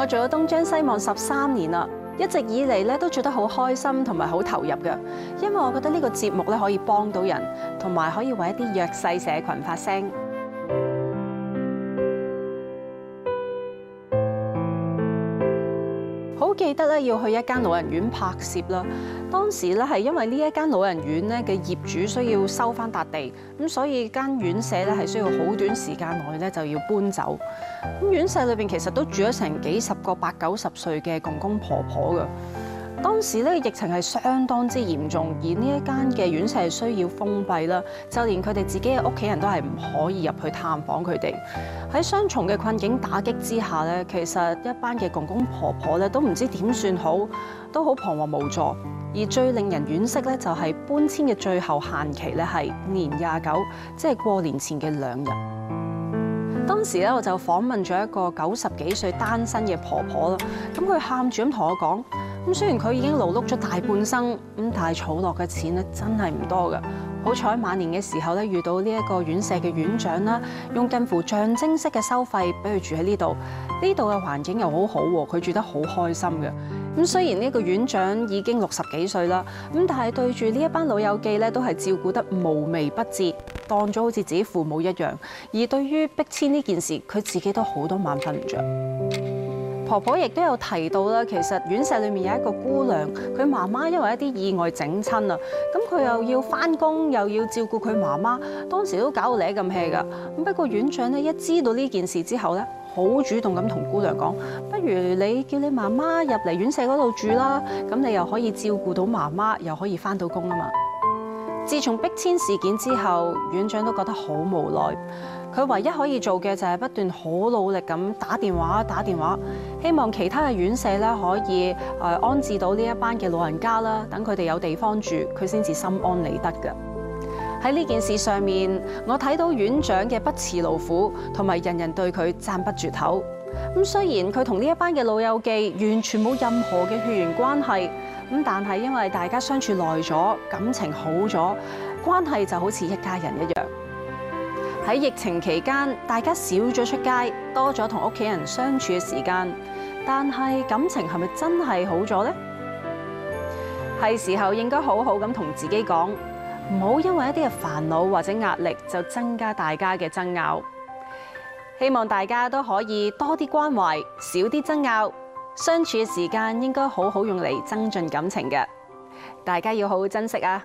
我做咗東張西望十三年啦，一直以嚟咧都做得好開心同埋好投入嘅，因為我覺得呢個節目咧可以幫到人，同埋可以為一啲弱勢社群發聲。記得咧要去一間老人院拍攝啦。當時咧係因為呢一間老人院咧嘅業主需要收翻笪地，咁所以間院舍咧係需要好短時間內咧就要搬走。咁院舍裏邊其實都住咗成幾十個八九十歲嘅公公婆婆㗎。當時咧，疫情係相當之嚴重，而呢一間嘅院舍係需要封閉啦，就連佢哋自己嘅屋企人都係唔可以入去探訪佢哋。喺雙重嘅困境打擊之下咧，其實一班嘅公公婆婆咧都唔知點算好，都好彷徨無助。而最令人惋惜咧，就係搬遷嘅最後限期咧係年廿九，即係過年前嘅兩日。當時咧，我就訪問咗一個九十幾歲單身嘅婆婆啦。咁佢喊住咁同我講。咁雖然佢已經勞碌咗大半生，咁但係儲落嘅錢咧真係唔多㗎。好彩晚年嘅時候咧，遇到呢一個院舍嘅院長啦，用近乎象徵式嘅收費俾佢住喺呢度。呢度嘅環境又好好，佢住得好開心㗎。咁雖然呢個院長已經六十幾歲啦，咁但係對住呢一班老友記咧，都係照顧得無微不至，當咗好似自己父母一樣。而對於逼遷呢件事，佢自己都好多晚瞓唔着。婆婆亦都有提到啦，其實院舍裏面有一個姑娘，佢媽媽因為一啲意外整親啊，咁佢又要翻工又要照顧佢媽媽，當時都搞到你咁氣噶。咁不過院長咧一知道呢件事之後咧，好主動咁同姑娘講：不如你叫你媽媽入嚟院舍嗰度住啦，咁你又可以照顧到媽媽，又可以翻到工啊嘛。自從逼遷事件之後，院長都覺得好無奈。佢唯一可以做嘅就係不斷好努力咁打電話打電話，電話希望其他嘅院舍咧可以誒安置到呢一班嘅老人家啦。等佢哋有地方住，佢先至心安理得嘅。喺呢件事上面，我睇到院長嘅不辭勞苦，同埋人人對佢讚不絕口。咁雖然佢同呢一班嘅老友記完全冇任何嘅血緣關係。咁但係因為大家相處耐咗，感情好咗，關係就好似一家人一樣。喺疫情期間，大家少咗出街，多咗同屋企人相處嘅時間。但係感情係咪真係好咗呢？係時候應該好好咁同自己講，唔好因為一啲嘅煩惱或者壓力就增加大家嘅爭拗。希望大家都可以多啲關懷，少啲爭拗。相處時間應該好好用嚟增進感情㗎，大家要好好珍惜啊！